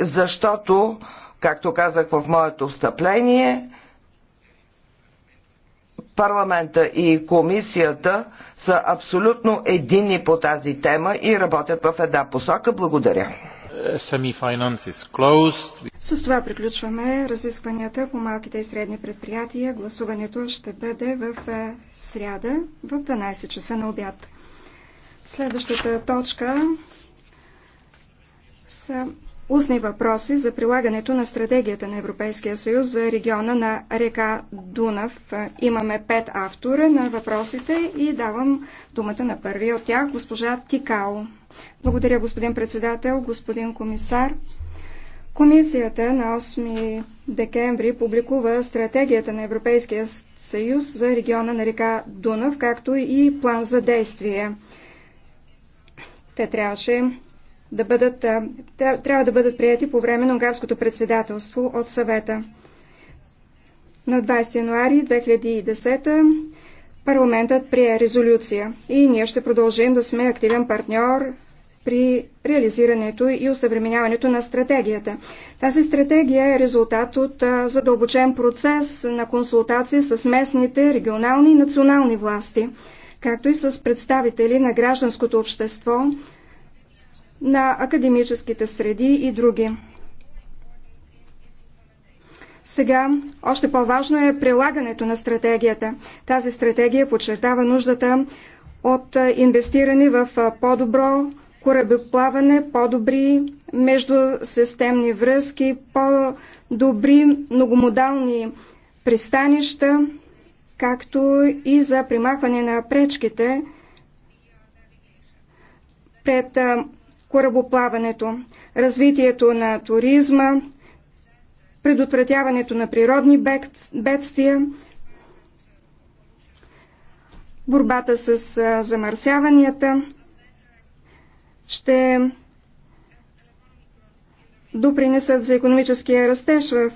защото, както казах в моето встъпление, парламента и комисията са абсолютно едини по тази тема и работят в една посока. Благодаря. С това приключваме разискванията по малките и средни предприятия. Гласуването ще бъде в е, сряда в 12 часа на обяд. Следващата точка са устни въпроси за прилагането на стратегията на Европейския съюз за региона на река Дунав. Имаме пет автора на въпросите и давам думата на първия от тях, госпожа Тикао. Благодаря, господин председател, господин комисар. Комисията на 8 декември публикува стратегията на Европейския съюз за региона на река Дунав, както и план за действие. Те трябваше да бъдат, трябва да бъдат прияти по време на унгарското председателство от съвета. На 20 януари 2010 парламентът прие резолюция и ние ще продължим да сме активен партньор при реализирането и усъвременяването на стратегията. Тази стратегия е резултат от задълбочен процес на консултации с местните, регионални и национални власти, както и с представители на гражданското общество, на академическите среди и други. Сега още по-важно е прилагането на стратегията. Тази стратегия подчертава нуждата от инвестиране в по-добро корабоплаване, по-добри междусистемни връзки, по-добри многомодални пристанища, както и за примахване на пречките пред корабоплаването, развитието на туризма, предотвратяването на природни бедствия, борбата с замърсяванията ще допринесат за економическия растеж в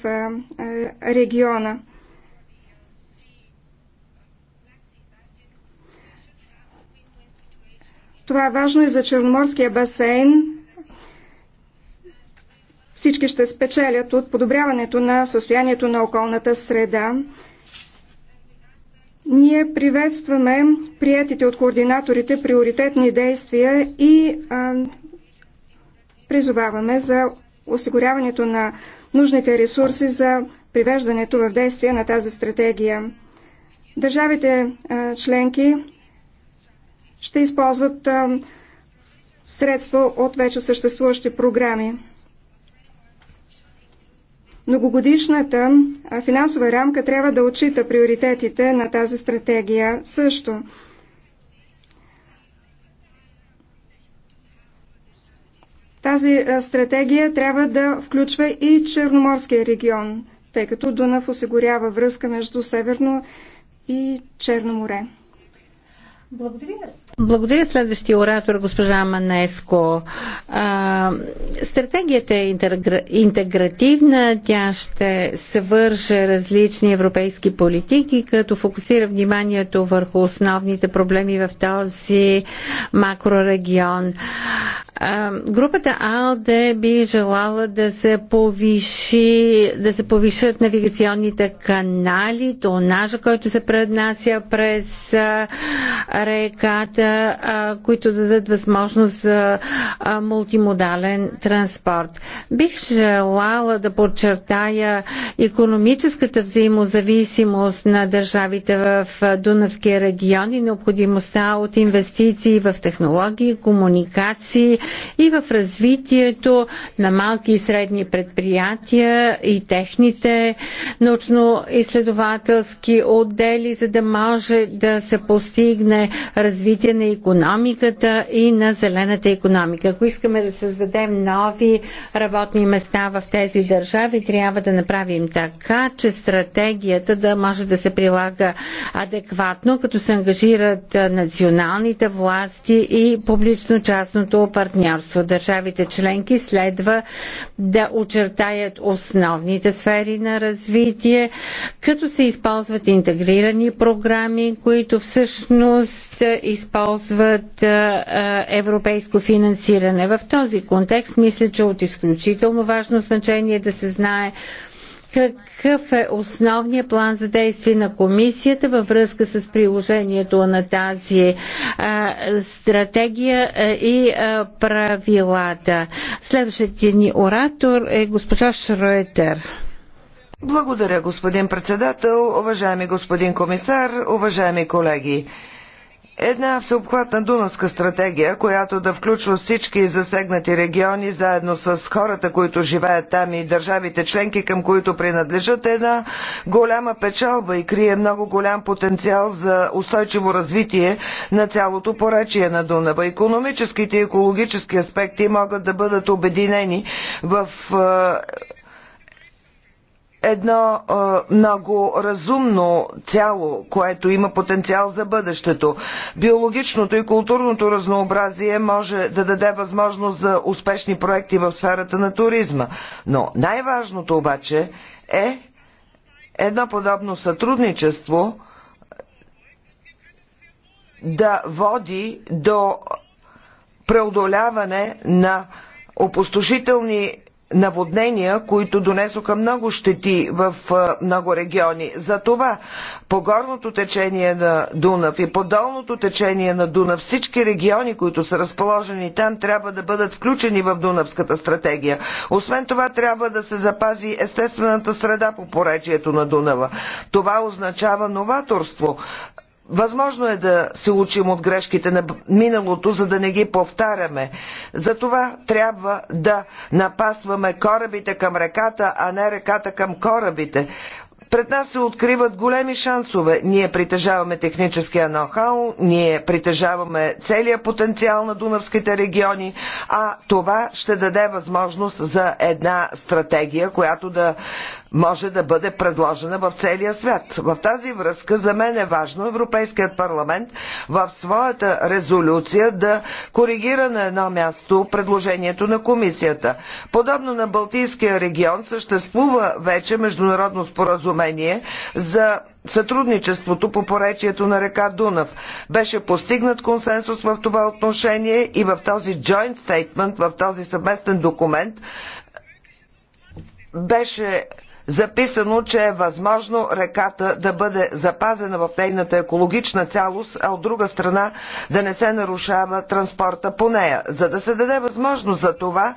региона. Това е важно и за Черноморския басейн. Всички ще спечелят от подобряването на състоянието на околната среда. Ние приветстваме приятите от координаторите приоритетни действия и а, призоваваме за осигуряването на нужните ресурси за привеждането в действие на тази стратегия. Държавите а, членки ще използват средства от вече съществуващи програми. Многогодишната финансова рамка трябва да отчита приоритетите на тази стратегия също. Тази стратегия трябва да включва и Черноморския регион, тъй като Дунав осигурява връзка между Северно и Черно море. Благодаря. Благодаря следващия оратор, госпожа Манеско. А, стратегията е интегра... интегративна, тя ще съвърже различни европейски политики, като фокусира вниманието върху основните проблеми в този макрорегион. групата АЛДЕ би желала да се повиши, да се повишат навигационните канали, тонажа, който се преднася през реката, за, а, които дадат възможност за а, мултимодален транспорт. Бих желала да подчертая економическата взаимозависимост на държавите в Дунавския регион и необходимостта от инвестиции в технологии, комуникации и в развитието на малки и средни предприятия и техните научно-изследователски отдели, за да може да се постигне развитие на економиката и на зелената економика. Ако искаме да създадем нови работни места в тези държави, трябва да направим така, че стратегията да може да се прилага адекватно, като се ангажират националните власти и публично-частното партньорство. Държавите членки следва да очертаят основните сфери на развитие, като се използват интегрирани програми, които всъщност използват ползват европейско финансиране. В този контекст мисля, че е от изключително важно значение да се знае какъв е основният план за действие на комисията във връзка с приложението на тази а, стратегия и а, правилата? Следващият ни оратор е госпожа Шройтер. Благодаря, господин председател, уважаеми господин комисар, уважаеми колеги една всеобхватна Дунавска стратегия, която да включва всички засегнати региони, заедно с хората, които живеят там и държавите членки, към които принадлежат, е една голяма печалба и крие много голям потенциал за устойчиво развитие на цялото поречие на Дунава. Економическите и екологически аспекти могат да бъдат обединени в е, едно а, много разумно цяло, което има потенциал за бъдещето. Биологичното и културното разнообразие може да даде възможност за успешни проекти в сферата на туризма. Но най-важното обаче е едно подобно сътрудничество да води до преодоляване на опустошителни наводнения, които донесоха много щети в много региони. Затова по горното течение на Дунав и по долното течение на Дунав всички региони, които са разположени там, трябва да бъдат включени в Дунавската стратегия. Освен това трябва да се запази естествената среда по поречието на Дунава. Това означава новаторство. Възможно е да се учим от грешките на миналото, за да не ги повтаряме. Затова трябва да напасваме корабите към реката, а не реката към корабите. Пред нас се откриват големи шансове. Ние притежаваме техническия ноу-хау, ние притежаваме целия потенциал на дунавските региони, а това ще даде възможност за една стратегия, която да може да бъде предложена в целия свят. В тази връзка за мен е важно Европейският парламент в своята резолюция да коригира на едно място предложението на комисията. Подобно на Балтийския регион съществува вече международно споразумение за сътрудничеството по поречието на река Дунав. Беше постигнат консенсус в това отношение и в този joint statement, в този съвместен документ беше записано, че е възможно реката да бъде запазена в нейната екологична цялост, а от друга страна да не се нарушава транспорта по нея. За да се даде възможност за това,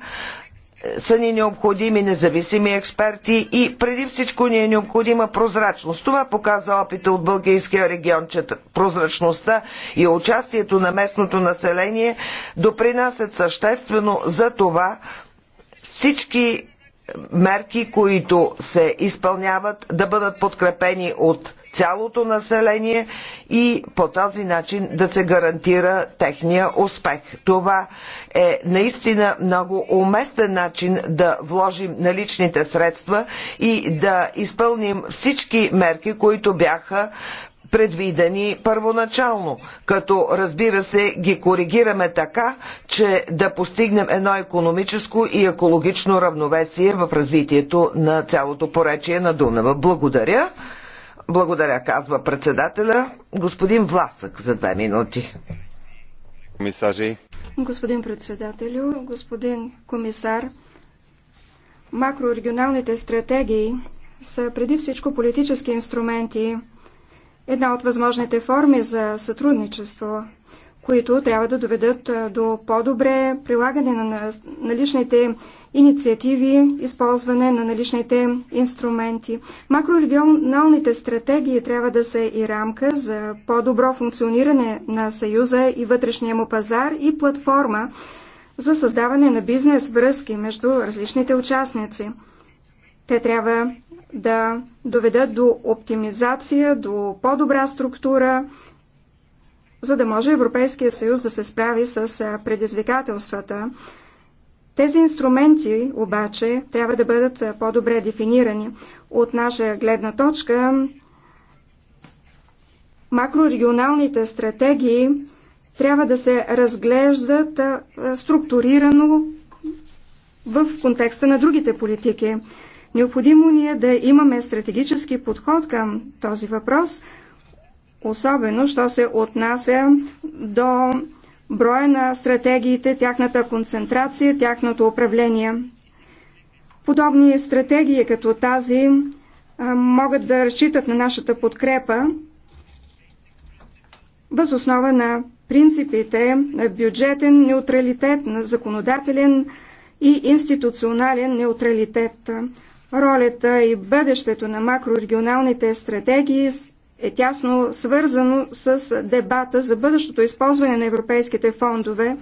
са ни необходими независими експерти и преди всичко ни е необходима прозрачност. Това показа опита от Бългийския регион, че прозрачността и участието на местното население допринасят съществено за това всички мерки, които се изпълняват, да бъдат подкрепени от цялото население и по този начин да се гарантира техния успех. Това е наистина много уместен начин да вложим наличните средства и да изпълним всички мерки, които бяха предвидени първоначално, като разбира се ги коригираме така, че да постигнем едно економическо и екологично равновесие в развитието на цялото поречие на Дунава. Благодаря. Благодаря, казва председателя. Господин Власък за две минути. Комисажи. Господин председателю, господин комисар, макрорегионалните стратегии са преди всичко политически инструменти, една от възможните форми за сътрудничество, които трябва да доведат до по-добре прилагане на наличните инициативи, използване на наличните инструменти. Макрорегионалните стратегии трябва да са и рамка за по-добро функциониране на Съюза и вътрешния му пазар и платформа за създаване на бизнес връзки между различните участници. Те трябва да доведат до оптимизация, до по-добра структура, за да може Европейския съюз да се справи с предизвикателствата. Тези инструменти обаче трябва да бъдат по-добре дефинирани. От наша гледна точка, макрорегионалните стратегии трябва да се разглеждат структурирано в контекста на другите политики. Необходимо ни е да имаме стратегически подход към този въпрос, особено, що се отнася до броя на стратегиите, тяхната концентрация, тяхното управление. Подобни стратегии като тази могат да разчитат на нашата подкрепа възоснова на принципите на бюджетен неутралитет, на законодателен и институционален неутралитет. Ролята и бъдещето на макрорегионалните стратегии е тясно свързано с дебата за бъдещото използване на европейските фондове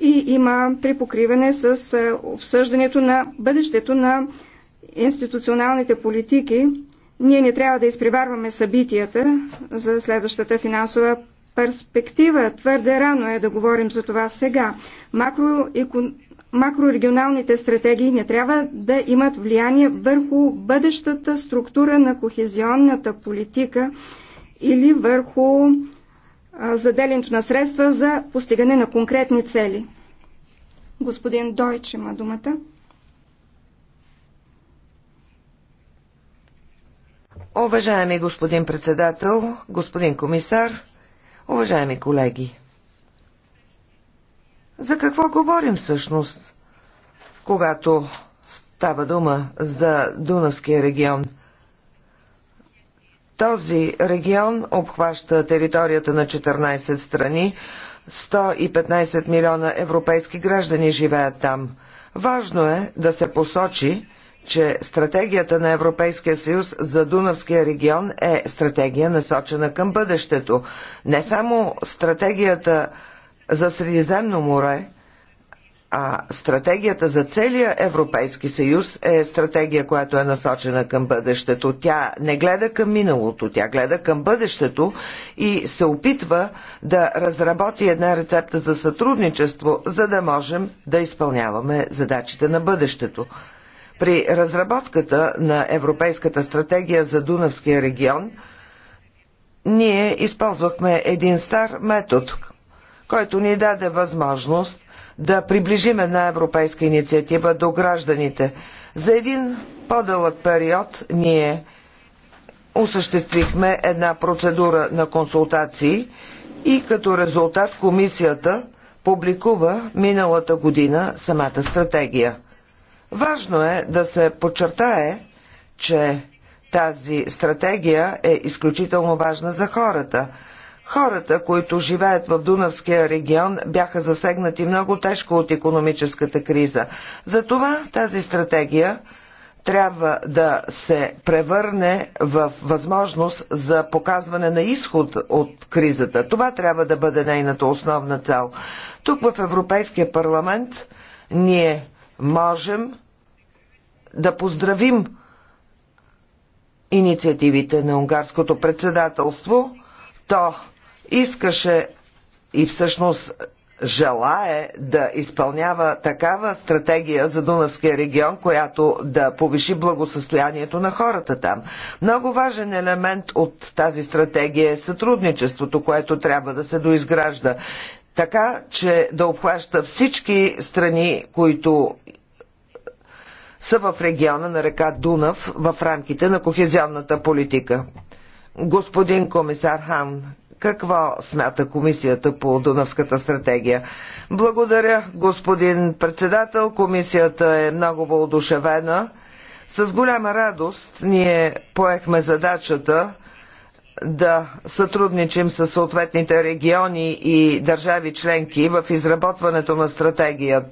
и има припокриване с е, обсъждането на бъдещето на институционалните политики. Ние не трябва да изпреварваме събитията за следващата финансова перспектива. Твърде рано е да говорим за това сега. Макроекономическите макрорегионалните стратегии не трябва да имат влияние върху бъдещата структура на кохезионната политика или върху заделянето на средства за постигане на конкретни цели. Господин Дойч има думата. Уважаеми господин председател, господин комисар, уважаеми колеги! За какво говорим всъщност, когато става дума за Дунавския регион? Този регион обхваща територията на 14 страни, 115 милиона европейски граждани живеят там. Важно е да се посочи, че стратегията на Европейския съюз за Дунавския регион е стратегия насочена към бъдещето. Не само стратегията за Средиземно море, а стратегията за целия Европейски съюз е стратегия, която е насочена към бъдещето. Тя не гледа към миналото, тя гледа към бъдещето и се опитва да разработи една рецепта за сътрудничество, за да можем да изпълняваме задачите на бъдещето. При разработката на Европейската стратегия за Дунавския регион ние използвахме един стар метод – който ни даде възможност да приближим една европейска инициатива до гражданите. За един по-дълъг период ние осъществихме една процедура на консултации и като резултат комисията публикува миналата година самата стратегия. Важно е да се подчертае, че тази стратегия е изключително важна за хората – Хората, които живеят в Дунавския регион, бяха засегнати много тежко от економическата криза. Затова тази стратегия трябва да се превърне в възможност за показване на изход от кризата. Това трябва да бъде нейната основна цел. Тук в Европейския парламент ние можем да поздравим инициативите на унгарското председателство. То искаше и всъщност желае да изпълнява такава стратегия за Дунавския регион, която да повиши благосъстоянието на хората там. Много важен елемент от тази стратегия е сътрудничеството, което трябва да се доизгражда, така че да обхваща всички страни, които са в региона на река Дунав в рамките на кохезионната политика. Господин комисар Хан, какво смята комисията по Дунавската стратегия? Благодаря, господин председател. Комисията е много въодушевена. С голяма радост ние поехме задачата да сътрудничим с съответните региони и държави членки в изработването на стратегия.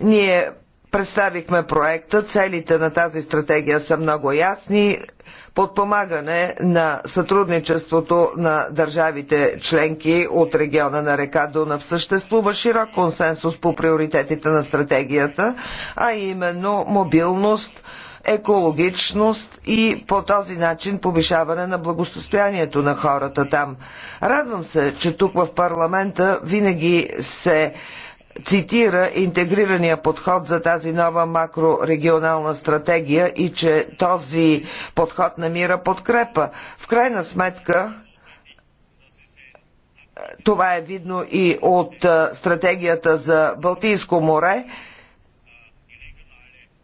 Ние представихме проекта, целите на тази стратегия са много ясни подпомагане на сътрудничеството на държавите членки от региона на река Дунав. Съществува широк консенсус по приоритетите на стратегията, а именно мобилност, екологичност и по този начин повишаване на благосостоянието на хората там. Радвам се, че тук в парламента винаги се цитира интегрирания подход за тази нова макрорегионална стратегия и че този подход намира подкрепа. В крайна сметка, това е видно и от стратегията за Балтийско море –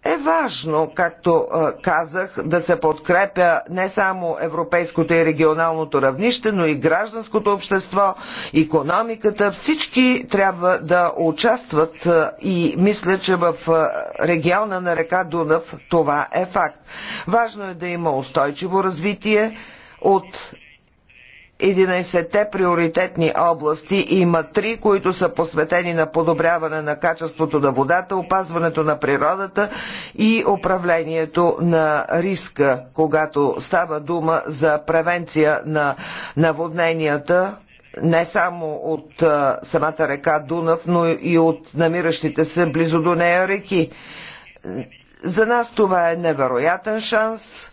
е важно, както казах, да се подкрепя не само европейското и регионалното равнище, но и гражданското общество, економиката. Всички трябва да участват и мисля, че в региона на река Дунав това е факт. Важно е да има устойчиво развитие от 11-те приоритетни области има три, които са посветени на подобряване на качеството на водата, опазването на природата и управлението на риска, когато става дума за превенция на наводненията, не само от а, самата река Дунав, но и от намиращите се близо до нея реки. За нас това е невероятен шанс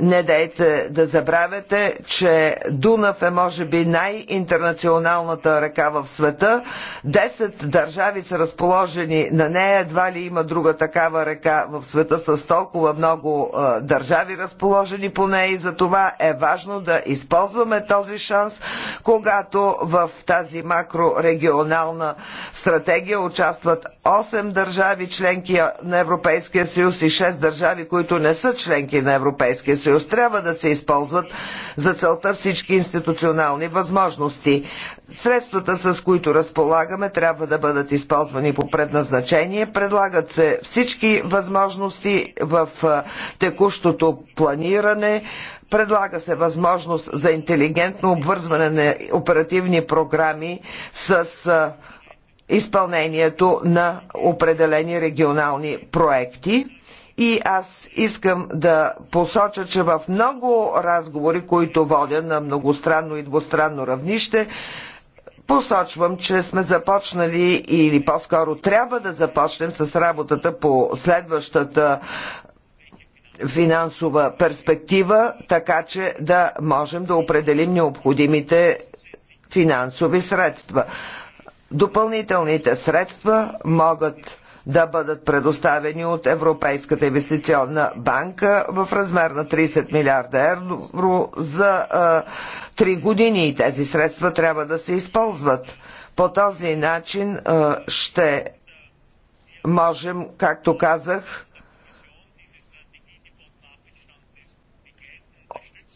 не дайте да забравяте, че Дунав е може би най-интернационалната река в света. Десет държави са разположени на нея. Едва ли има друга такава река в света с толкова много държави разположени по нея и за това е важно да използваме този шанс, когато в тази макрорегионална стратегия участват 8 държави членки на Европейския съюз и 6 държави, които не са членки на Европейския съюз съюз. Трябва да се използват за целта всички институционални възможности. Средствата, с които разполагаме, трябва да бъдат използвани по предназначение. Предлагат се всички възможности в текущото планиране, Предлага се възможност за интелигентно обвързване на оперативни програми с изпълнението на определени регионални проекти. И аз искам да посоча, че в много разговори, които водя на многостранно и двустранно равнище, Посочвам, че сме започнали или по-скоро трябва да започнем с работата по следващата финансова перспектива, така че да можем да определим необходимите финансови средства. Допълнителните средства могат да бъдат предоставени от Европейската инвестиционна банка в размер на 30 милиарда евро за 3 години и тези средства трябва да се използват. По този начин ще можем, както казах,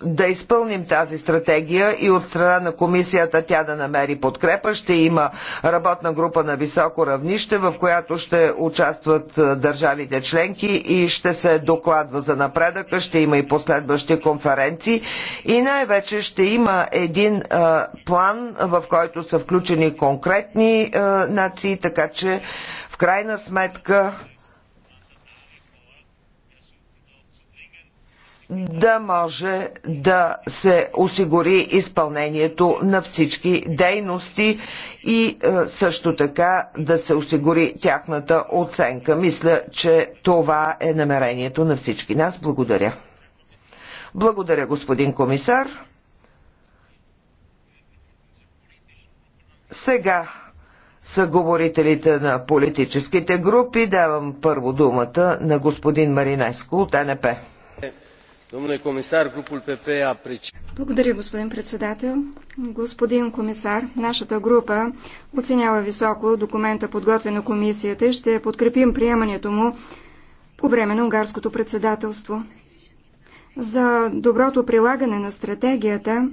да изпълним тази стратегия и от страна на комисията тя да намери подкрепа. Ще има работна група на високо равнище, в която ще участват е, държавите членки и ще се докладва за напредъка, ще има и последващи конференции и най-вече ще има един а, е, план, в който са включени конкретни а, е, нации, така че в крайна сметка да може да се осигури изпълнението на всички дейности и е, също така да се осигури тяхната оценка. Мисля, че това е намерението на всички нас. Благодаря. Благодаря, господин комисар. Сега са говорителите на политическите групи. Давам първо думата на господин Маринеско от НП. Благодаря, господин председател. Господин комисар, нашата група оценява високо документа подготвен на комисията и ще подкрепим приемането му по време на унгарското председателство. За доброто прилагане на стратегията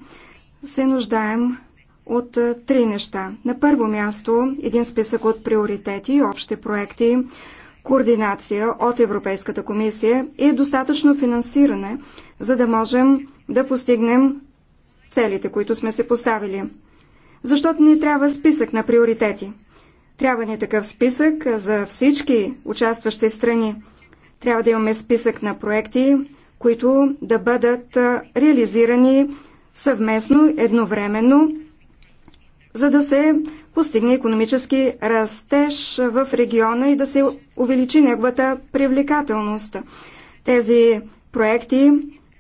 се нуждаем от е, три неща. На първо място един списък от приоритети и общи проекти, координация от Европейската комисия и достатъчно финансиране, за да можем да постигнем целите, които сме се поставили. Защото ни трябва списък на приоритети. Трябва ни такъв списък за всички участващи страни. Трябва да имаме списък на проекти, които да бъдат реализирани съвместно, едновременно за да се постигне економически растеж в региона и да се увеличи неговата привлекателност. Тези проекти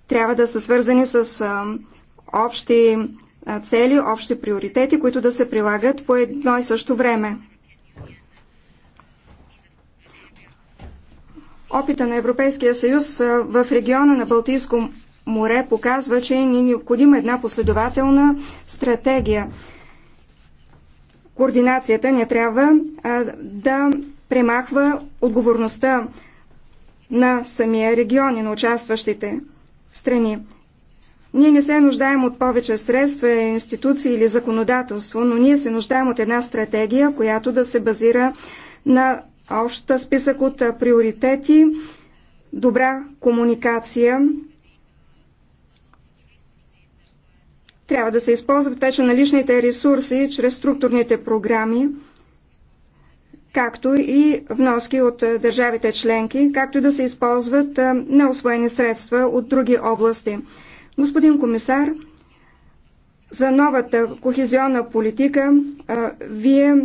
трябва да са свързани с общи цели, общи приоритети, които да се прилагат по едно и също време. Опита на Европейския съюз в региона на Балтийско море показва, че е необходима една последователна стратегия – Координацията не трябва да премахва отговорността на самия регион и на участващите страни. Ние не се нуждаем от повече средства, институции или законодателство, но ние се нуждаем от една стратегия, която да се базира на обща списък от приоритети, добра комуникация, Трябва да се използват вече наличните ресурси чрез структурните програми, както и вноски от държавите членки, както и да се използват неосвоени средства от други области. Господин комисар, за новата кохезионна политика вие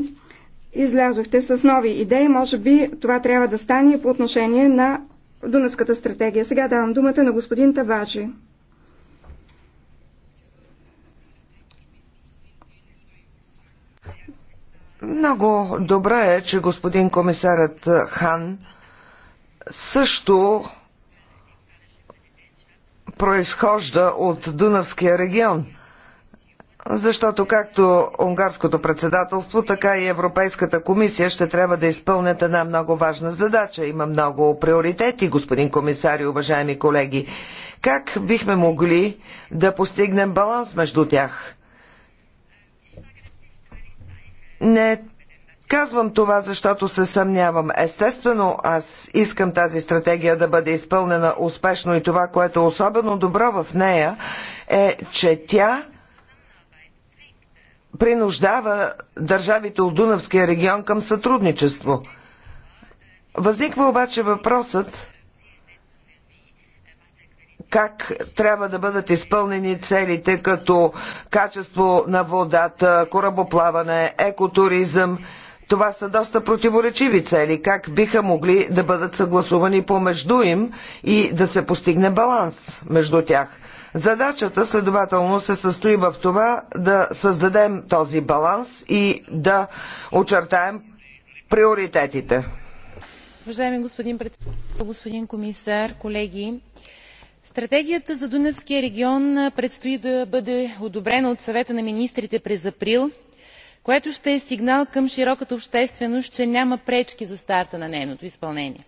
излязохте с нови идеи. Може би това трябва да стане по отношение на Дунавската стратегия. Сега давам думата на господин Табаджи. Много добре е, че господин комисарът Хан също произхожда от Дунавския регион – защото както унгарското председателство, така и Европейската комисия ще трябва да изпълнят една много важна задача. Има много приоритети, господин комисар и уважаеми колеги. Как бихме могли да постигнем баланс между тях? Не Казвам това, защото се съмнявам. Естествено, аз искам тази стратегия да бъде изпълнена успешно и това, което е особено добро в нея, е, че тя принуждава държавите от Дунавския регион към сътрудничество. Възниква обаче въпросът как трябва да бъдат изпълнени целите като качество на водата, корабоплаване, екотуризъм. Това са доста противоречиви цели. Как биха могли да бъдат съгласувани помежду им и да се постигне баланс между тях? Задачата следователно се състои в това да създадем този баланс и да очертаем приоритетите. Уважаеми господин председател, господин комисар, колеги, стратегията за дунавския регион предстои да бъде одобрена от съвета на министрите през април което ще е сигнал към широката общественост че няма пречки за старта на нейното изпълнение.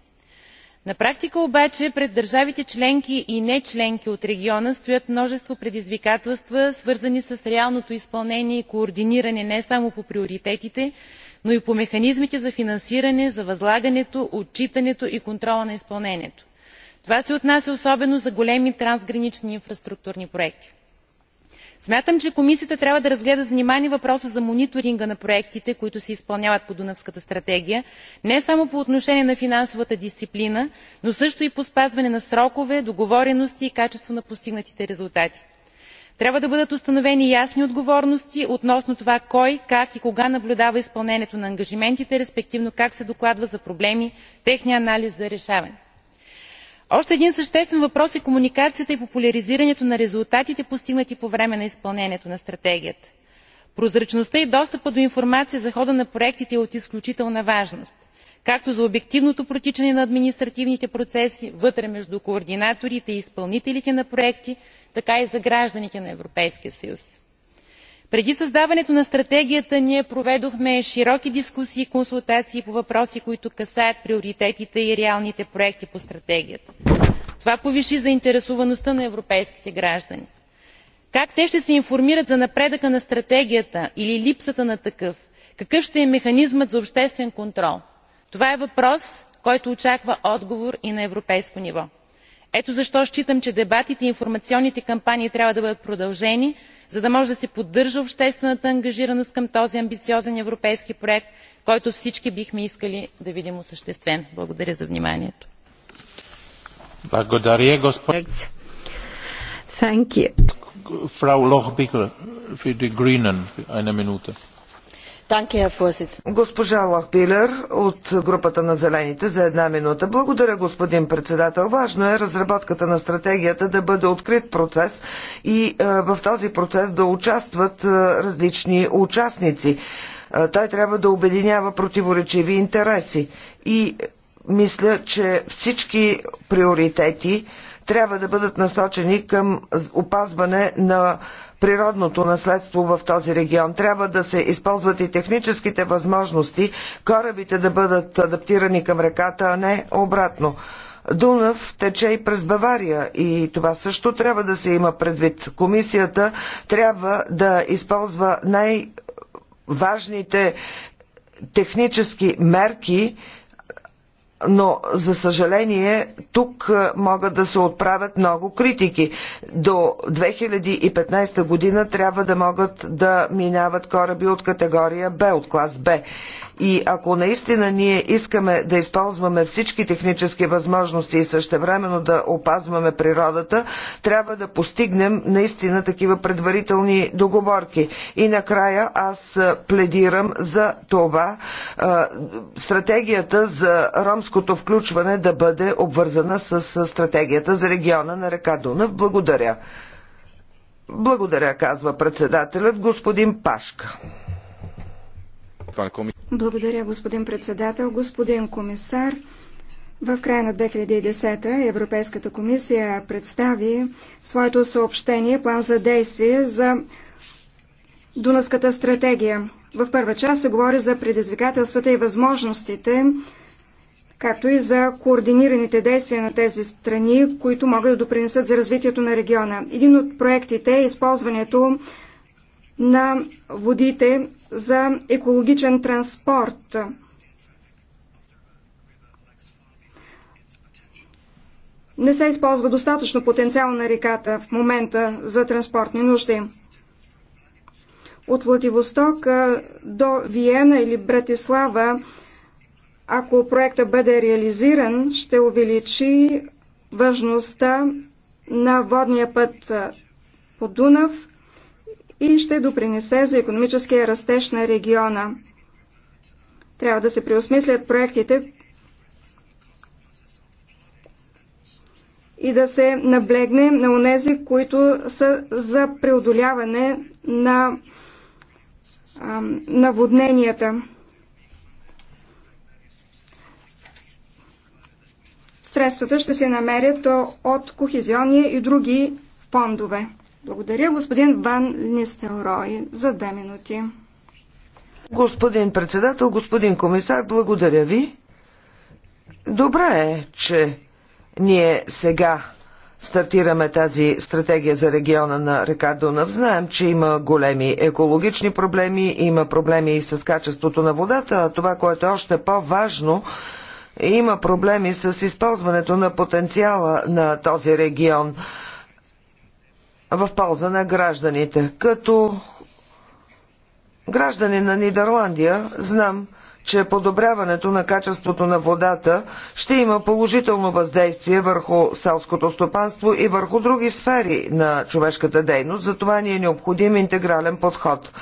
на практика обаче пред държавите членки и не членки от региона стоят множество предизвикателства свързани с реалното изпълнение и координиране не само по приоритетите но и по механизмите за финансиране за възлагането отчитането и контрола на изпълнението това се отнася особено за големи трансгранични инфраструктурни проекти. смятам че комисията трябва да разгледа с внимание въпроса за мониторинга на проектите които се изпълняват по дунавската стратегия не само по отношение на финансовата дисциплина но също и по спазване на срокове договорености и качество на постигнатите резултати. трябва да бъдат установени ясни отговорности относно това кой как и кога наблюдава изпълнението на ангажиментите респективно как се докладва за проблеми техния анализ за решаване още един съществен въпрос е комуникацията и популяризирането на резултатите постигнати по време на изпълнението на стратегията. прозрачността и достъпът до информация за хода на проектите е от изключителна важност както за обективното протичане на административните процеси вътре между координаторите и изпълнителите на проекти така и за гражданите на европейския съюз преди създаването на стратегията ние проведохме широки дискусии и консултации по въпроси които касаят приоритетите и реалните проекти по стратегията. това повиши заинтересоваността на европейските граждани. как те ще се информират за напредъка на стратегията или липсата на такъв? какъв ще е механизмът за обществен контрол? това е въпрос който очаква отговор и на европейско ниво ето защо считам че дебатите и информационните кампании трябва да бъдат продължени за да може да се поддържа обществената ангажираност към този амбициозен европейски проект който всички бихме искали да видим осъществен. благодаря за вниманието. Госпожа Лохпилер от групата на Зелените за една минута. Благодаря, господин председател. Важно е разработката на стратегията да бъде открит процес и е, в този процес да участват е, различни участници. Е, той трябва да обединява противоречиви интереси. И мисля, че всички приоритети трябва да бъдат насочени към опазване на природното наследство в този регион. Трябва да се използват и техническите възможности корабите да бъдат адаптирани към реката, а не обратно. Дунав тече и през Бавария и това също трябва да се има предвид. Комисията трябва да използва най- важните технически мерки, но за съжаление тук е, могат да се отправят много критики. До 2015 година трябва да могат да минават кораби от категория Б, от клас Б. И ако наистина ние искаме да използваме всички технически възможности и същевременно да опазваме природата, трябва да постигнем наистина такива предварителни договорки. И накрая аз пледирам за това стратегията за ромското включване да бъде обвързана с, с стратегията за региона на река Дунав. Благодаря. Благодаря, казва председателят господин Пашка. Благодаря, господин председател. Господин комисар, в края на 2010 Европейската комисия представи своето съобщение план за действие за Дунавската стратегия. В първа част се говори за предизвикателствата и възможностите, както и за координираните действия на тези страни, които могат да допринесат за развитието на региона. Един от проектите е използването на водите за екологичен транспорт. Не се използва достатъчно потенциал на реката в момента за транспортни нужди. От Владивосток до Виена или Братислава, ако проектът бъде реализиран, ще увеличи важността на водния път по Дунав – и ще допринесе за економическия растеж на региона. Трябва да се преосмислят проектите и да се наблегне на онези, които са за преодоляване на наводненията. Средствата ще се намерят от кохезионния и други фондове. Благодаря, господин Ван Нистелрой, за две минути. Господин председател, господин комисар, благодаря ви. Добре е, че ние сега стартираме тази стратегия за региона на река Дунав. Знаем, че има големи екологични проблеми, има проблеми и с качеството на водата, а това, което е още по-важно, има проблеми с използването на потенциала на този регион в полза на гражданите. Като граждани на Нидерландия знам, че подобряването на качеството на водата ще има положително въздействие върху селското стопанство и върху други сфери на човешката дейност. Затова ни е необходим интегрален подход.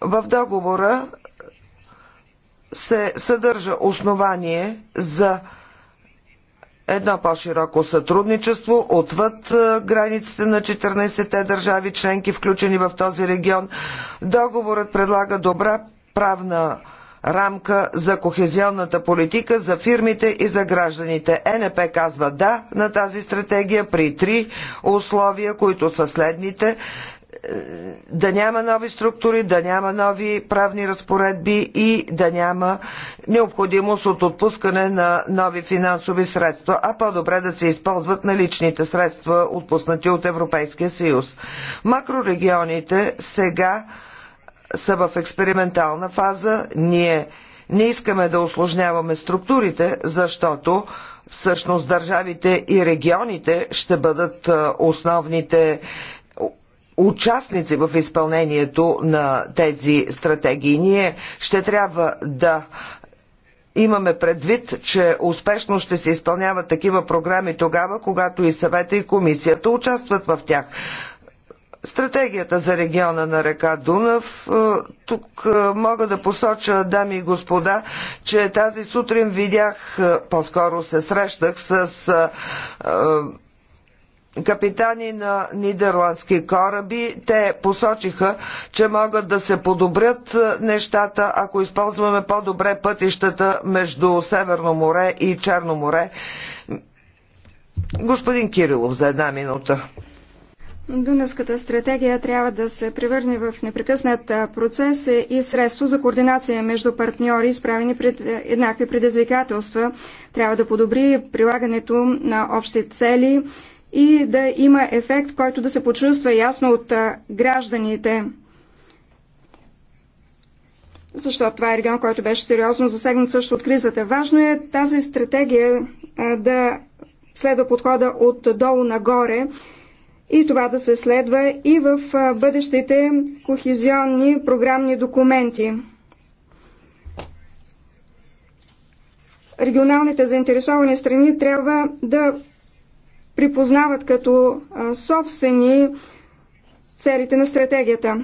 В договора се съдържа основание за едно по-широко сътрудничество отвъд е, границите на 14-те държави членки, включени в този регион. Договорът предлага добра правна рамка за кохезионната политика за фирмите и за гражданите. Е НП казва да на тази стратегия при три условия, които са следните да няма нови структури, да няма нови правни разпоредби и да няма необходимост от отпускане на нови финансови средства, а по-добре да се използват наличните средства, отпуснати от Европейския съюз. Макрорегионите сега са в експериментална фаза. Ние не искаме да осложняваме структурите, защото всъщност държавите и регионите ще бъдат основните участници в изпълнението на тези стратегии. Ние ще трябва да имаме предвид, че успешно ще се изпълняват такива програми тогава, когато и съвета и комисията участват в тях. Стратегията за региона на река Дунав. Е, тук е, мога да посоча, дами и господа, че тази сутрин видях, е, по-скоро се срещах с капитани на нидерландски кораби. Те посочиха, че могат да се подобрят е, нещата, ако използваме по-добре пътищата между Северно море и Черно море. Господин Кирилов, за една минута. Дунавската стратегия трябва да се превърне в непрекъснат е, процес и средство за координация между партньори, изправени пред е, еднакви предизвикателства. Трябва да подобри прилагането на общи цели, и да има ефект, който да се почувства ясно от гражданите. Защото това е регион, който беше сериозно засегнат също от кризата. Важно е тази стратегия да следва подхода от долу нагоре и това да се следва и в бъдещите кохезионни програмни документи. Регионалните заинтересовани страни трябва да припознават като собствени целите на стратегията.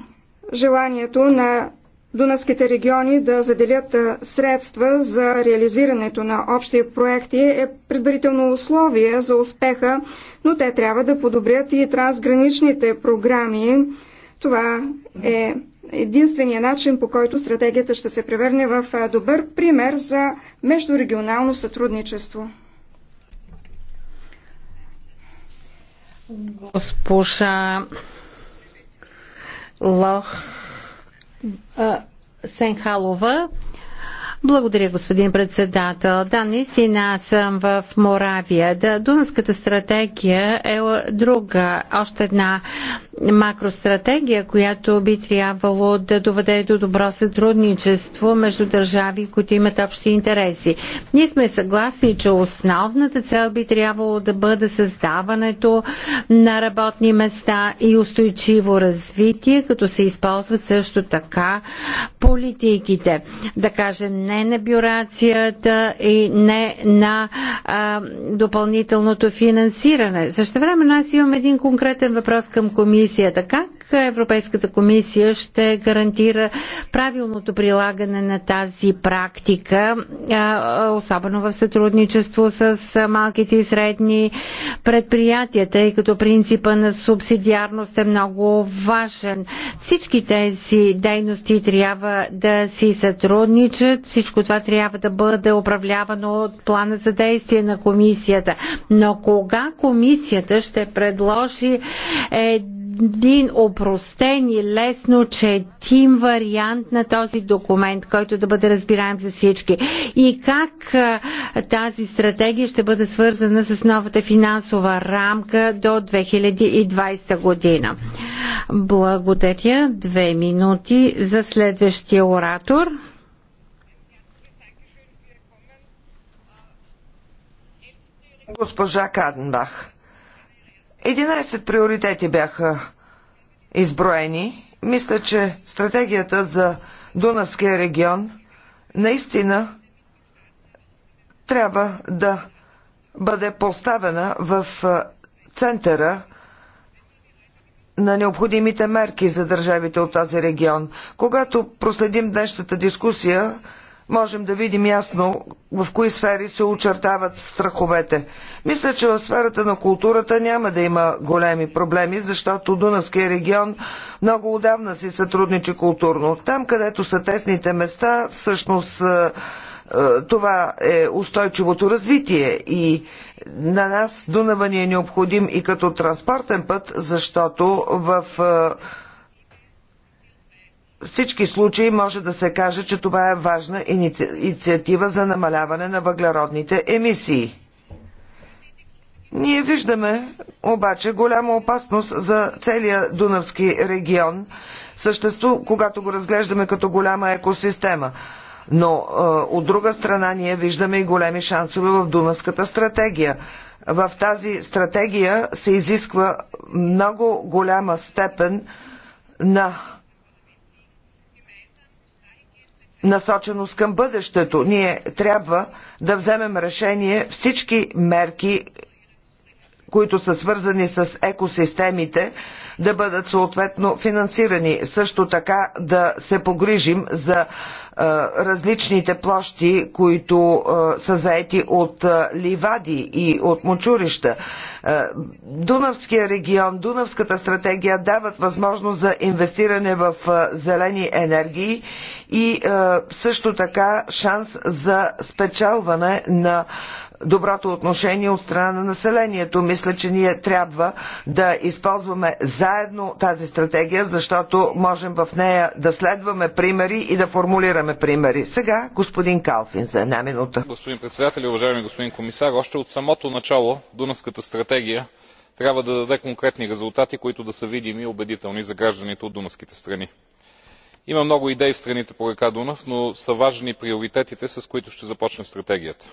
Желанието на Дунавските региони да заделят средства за реализирането на общи проекти е предварително условие за успеха, но те трябва да подобрят и трансграничните програми. Това е единствения начин, по който стратегията ще се превърне в добър пример за междурегионално сътрудничество. Госпожа Лох Сенхалова благодаря, господин председател. Да, наистина аз съм в Моравия. Да, Дунската стратегия е друга, още една макростратегия, която би трябвало да доведе до добро сътрудничество между държави, които имат общи интереси. Ние сме съгласни, че основната цел би трябвало да бъде създаването на работни места и устойчиво развитие, като се използват също така политиките. Да кажем не не на бюрацията и не на а, допълнителното финансиране. Също време аз имам един конкретен въпрос към комисията. Как Европейската комисия ще гарантира правилното прилагане на тази практика, особено в сътрудничество с малките и средни предприятия, тъй като принципа на субсидиарност е много важен. Всички тези дейности трябва да си сътрудничат, всичко това трябва да бъде управлявано от плана за действие на комисията. Но кога комисията ще предложи един един опростен и лесно четим вариант на този документ, който да бъде разбираем за всички. И как тази стратегия ще бъде свързана с новата финансова рамка до 2020 година. Благодаря. Две минути за следващия оратор. Госпожа Каденбах. 11 приоритети бяха изброени. Мисля, че стратегията за Дунавския регион наистина трябва да бъде поставена в центъра на необходимите мерки за държавите от този регион. Когато проследим днешната дискусия, можем да видим ясно в кои сфери се очертават страховете. Мисля, че в сферата на културата няма да има големи проблеми, защото Дунавския регион много отдавна си сътрудничи културно. Там, където са тесните места, всъщност е, е, това е устойчивото развитие и на нас Дунава ни е необходим и като транспортен път, защото в е, всички случаи може да се каже, че това е важна инициатива за намаляване на въглеродните емисии. Ние виждаме обаче голяма опасност за целия Дунавски регион, съществу, когато го разглеждаме като голяма екосистема. Но е, от друга страна ние виждаме и големи шансове в Дунавската стратегия. В тази стратегия се изисква много голяма степен на насоченост към бъдещето. Ние трябва да вземем решение всички мерки, които са свързани с екосистемите, да бъдат съответно финансирани. Също така да се погрижим за различните площи, които са заети от ливади и от мочурища. Дунавския регион, Дунавската стратегия дават възможност за инвестиране в зелени енергии и също така шанс за спечелване на доброто отношение от страна на населението. Мисля, че ние трябва да използваме заедно тази стратегия, защото можем в нея да следваме примери и да формулираме примери. Сега господин Калфин за една минута. Господин председател, уважаеми господин комисар, още от самото начало Дунавската стратегия трябва да даде конкретни резултати, които да са видими и убедителни за гражданите от дунавските страни. Има много идеи в страните по река Дунав, но са важни приоритетите, с които ще започне стратегията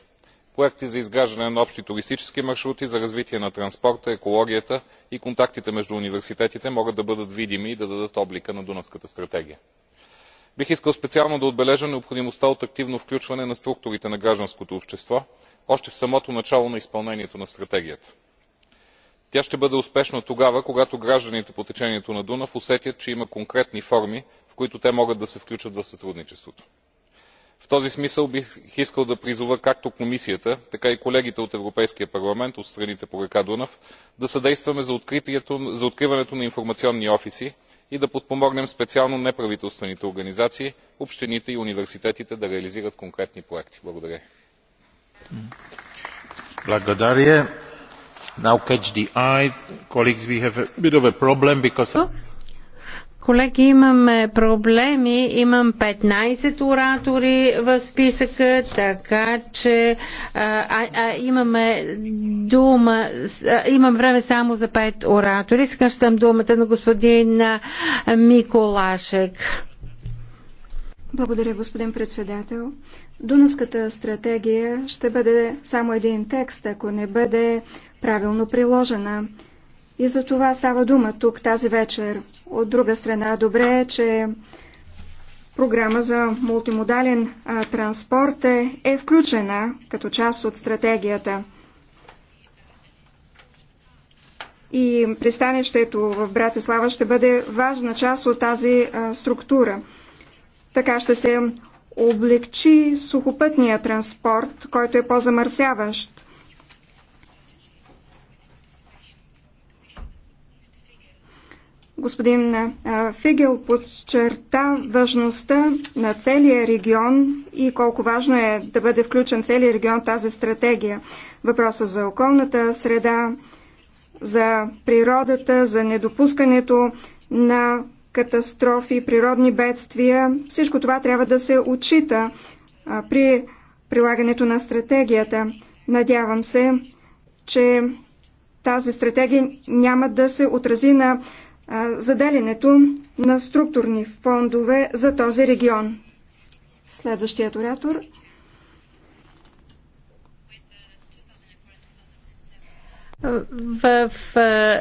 проекти за изграждане на общи туристически маршрути за развитие на транспорта екологията и контактите между университетите могат да бъдат видими и да дадат облика на дунавската стратегия. бих искал специално да отбележа необходимостта от активно включване на структурите на гражданското общество още в самото начало на изпълнението на стратегията. тя ще бъде успешна тогава когато гражданите по течението на дунав усетят че има конкретни форми в които те могат да се включат в сътрудничеството в този смисъл бих искал да призова както комисията така и колегите от европейския парламент от страните по река дунав да съдействаме за откриването на информационни офиси и да подпомогнем специално неправителствените организации общините и университетите да реализират конкретни проекти. благодаря. Колеги, имаме проблеми. Имам 15 оратори в списъка, така че а, а, имаме дума, а, имам време само за 5 оратори. Сега ще дам думата на господин Миколашек. Благодаря, господин председател. Дунавската стратегия ще бъде само един текст, ако не бъде правилно приложена. И за това става дума тук тази вечер. От друга страна, добре е, че програма за мултимодален а, транспорт е, е включена като част от стратегията. И пристанището в Братислава ще бъде важна част от тази а, структура. Така ще се облегчи сухопътния транспорт, който е по-замърсяващ. Господин Фигел подчерта важността на целия регион и колко важно е да бъде включен целият регион в тази стратегия. Въпроса за околната среда, за природата, за недопускането на катастрофи, природни бедствия. Всичко това трябва да се отчита при прилагането на стратегията. Надявам се, че тази стратегия няма да се отрази на заделянето на структурни фондове за този регион. Следващият оратор в, в,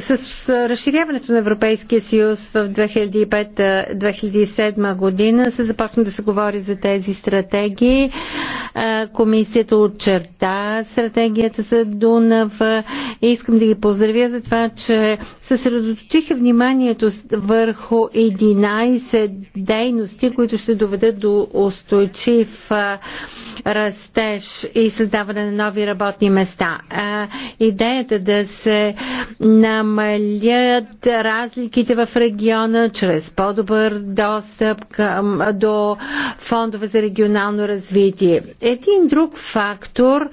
с, с разширяването на Европейския съюз в 2005-2007 година се започна да се говори за тези стратегии. Комисията очерта стратегията за Дунав и искам да ги поздравя за това, че съсредоточиха вниманието върху 11 дейности, които ще доведат до устойчив растеж и създаване на нови работни места идеята да се намалят разликите в региона чрез по-добър достъп към, до фондове за регионално развитие. Един друг фактор,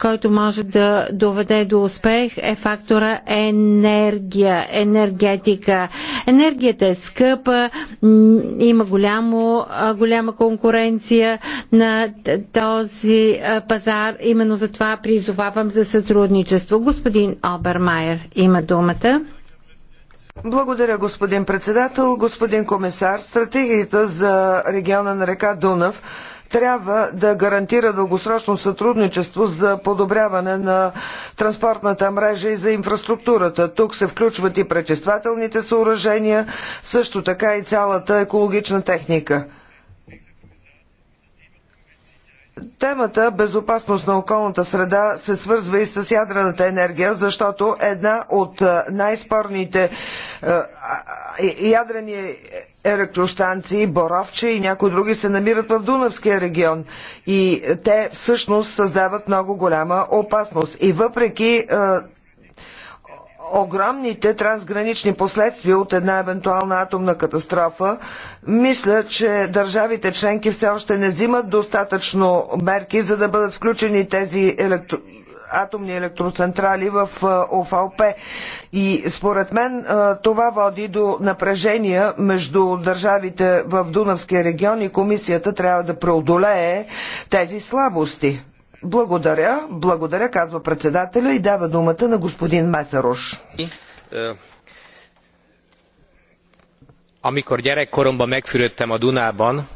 който може да доведе до успех е фактора енергия, енергетика. Енергията е скъпа, има голямо, голяма конкуренция на този пазар. Именно за това призовавам за сътрудничество сътрудничество. Господин Обермайер има думата. Благодаря, господин председател. Господин комисар, стратегията за региона на река Дунав трябва да гарантира дългосрочно сътрудничество за подобряване на транспортната мрежа и за инфраструктурата. Тук се включват и пречествателните съоръжения, също така и цялата екологична техника. Темата безопасност на околната среда се свързва и с ядрената енергия, защото една от е, най-спорните е, е, ядрени електростанции, Боровче и някои други се намират в Дунавския регион и те всъщност създават много голяма опасност. И въпреки огромните трансгранични последствия от една евентуална атомна катастрофа, мисля, че държавите членки все още не взимат достатъчно мерки, за да бъдат включени тези електро атомни електроцентрали в ОФП, И според мен това води до напрежения между държавите в Дунавския регион и комисията трябва да преодолее тези слабости. Благодаря, благодаря, казва председателя и дава думата на господин Месаруш. Amikor е, ами, gyerekkoromban megfürödtem a Dunában,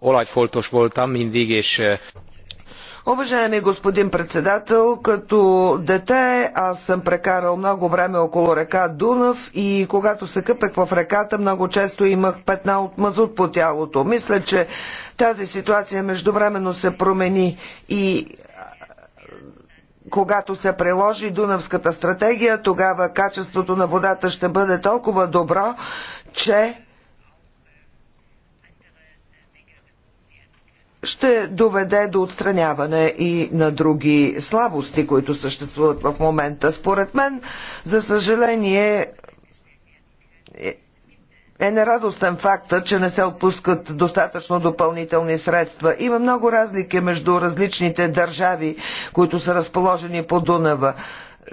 olajfoltos voltam mindig, és Уважаеми господин председател, като дете аз съм прекарал много време около река Дунав и когато се къпех в реката, много често имах петна от мазут по тялото. Мисля, че тази ситуация междувременно се промени и когато се приложи Дунавската стратегия, тогава качеството на водата ще бъде толкова добро, че ще доведе до отстраняване и на други слабости, които съществуват в момента. Според мен, за съжаление, е нерадостен факта, че не се отпускат достатъчно допълнителни средства. Има много разлики между различните държави, които са разположени по Дунава.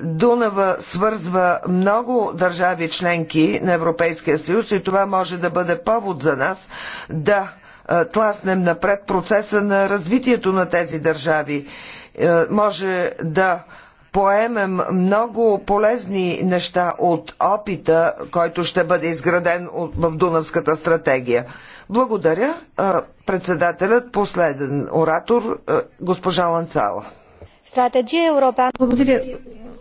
Дунава свързва много държави членки на Европейския съюз и това може да бъде повод за нас да тласнем напред процеса на развитието на тези държави. Е, може да поемем много полезни неща от опита, който ще бъде изграден в Дунавската стратегия. Благодаря. Председателят, последен оратор, госпожа Ланцала. Стратегия Европа. Благодаря.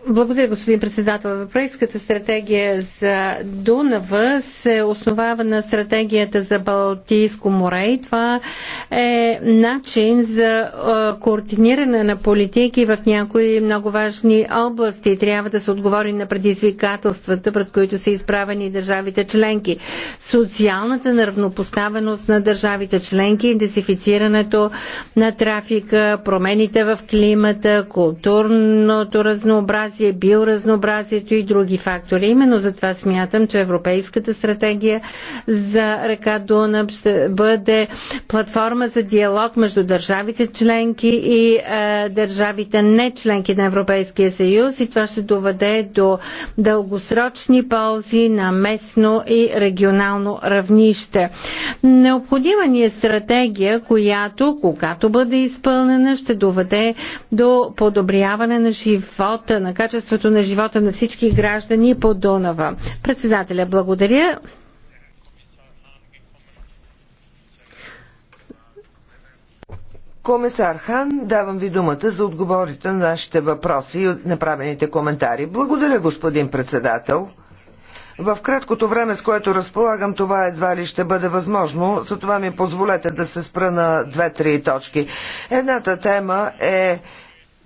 Благодаря, господин председател. Европейската стратегия за Дунава се основава на стратегията за Балтийско море и това е начин за координиране на политики в някои много важни области. Трябва да се отговори на предизвикателствата, пред които са изправени държавите членки. Социалната неравнопоставеност на държавите членки, интенсифицирането на трафика, промените в климата, културното разнообразие, разнообразие, биоразнообразието и други фактори. Именно за това смятам, че Европейската стратегия за река Дунав ще бъде платформа за диалог между държавите членки и е, държавите не членки на Европейския съюз и това ще доведе до дългосрочни ползи на местно и регионално равнище. Необходима ни е стратегия, която, когато бъде изпълнена, ще доведе до подобряване на живота на качеството на живота на всички граждани по Дунава. Председателя, благодаря. Комисар Хан, давам ви думата за отговорите на нашите въпроси и направените коментари. Благодаря, господин председател. В краткото време, с което разполагам, това едва ли ще бъде възможно, затова ми позволете да се спра на две-три точки. Едната тема е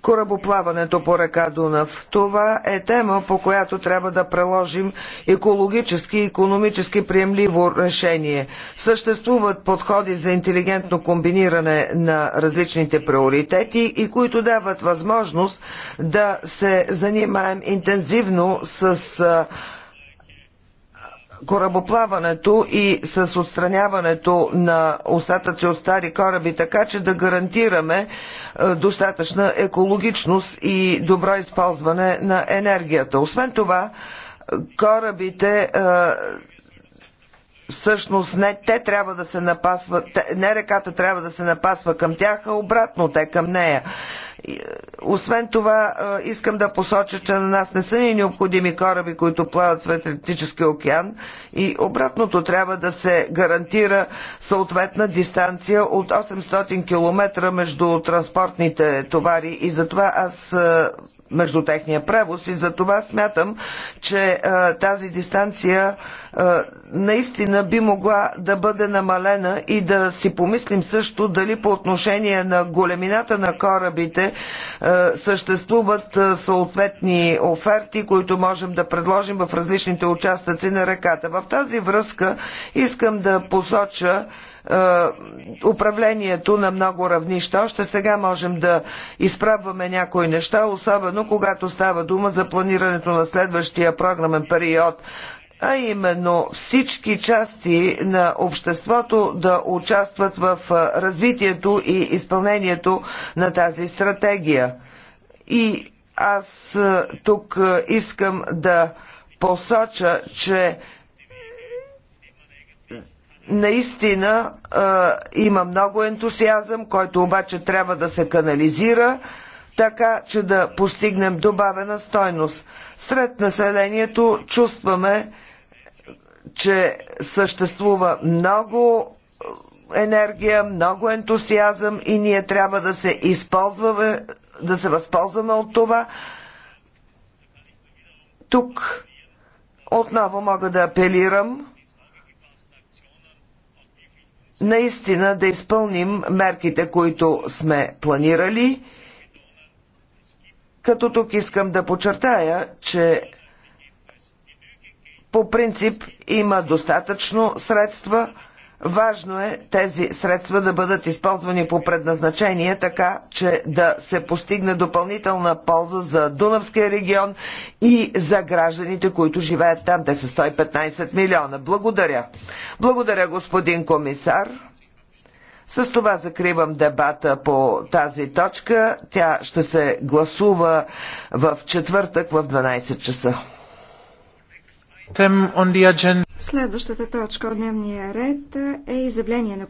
корабоплаването по река Дунав. Това е тема, по която трябва да преложим екологически и економически приемливо решение. Съществуват подходи за интелигентно комбиниране на различните приоритети и които дават възможност да се занимаем интензивно с корабоплаването и с отстраняването на остатъци от стари кораби, така че да гарантираме е, достатъчна екологичност и добро използване на енергията. Освен това, е, корабите е, всъщност не те трябва да се напасват, не реката трябва да се напасва към тях, а обратно те към нея. Е, освен това, е, искам да посоча, че на нас не са ни необходими кораби, които плават в Атлантическия океан и обратното трябва да се гарантира съответна дистанция от 800 км между транспортните товари и затова аз е, между техния превоз и за това смятам, че а, е, тази дистанция а, е, наистина би могла да бъде намалена и да си помислим също дали по отношение на големината на корабите а, е, съществуват а, съответни оферти, които можем да предложим в различните участъци на реката. В тази връзка искам да посоча е, управлението на много равнища. Още сега можем да изправваме някои неща, особено когато става дума за планирането на следващия програмен период а именно всички части на обществото да участват в е, развитието и изпълнението на тази стратегия. И аз е, тук искам да посоча, че наистина а, има много ентусиазъм, който обаче трябва да се канализира, така че да постигнем добавена стойност. Сред населението чувстваме, че съществува много енергия, много ентусиазъм и ние трябва да се използваме, да се възползваме от това. Тук отново мога да апелирам наистина да изпълним мерките, които сме планирали. Като тук искам да подчертая, че по принцип има достатъчно средства – Важно е тези средства да бъдат използвани по предназначение, така че да се постигне допълнителна полза за Дунавския регион и за гражданите, които живеят там. Те са 115 милиона. Благодаря. Благодаря, господин комисар. С това закривам дебата по тази точка. Тя ще се гласува в четвъртък в 12 часа. Следващата точка от дневния ред е изявление на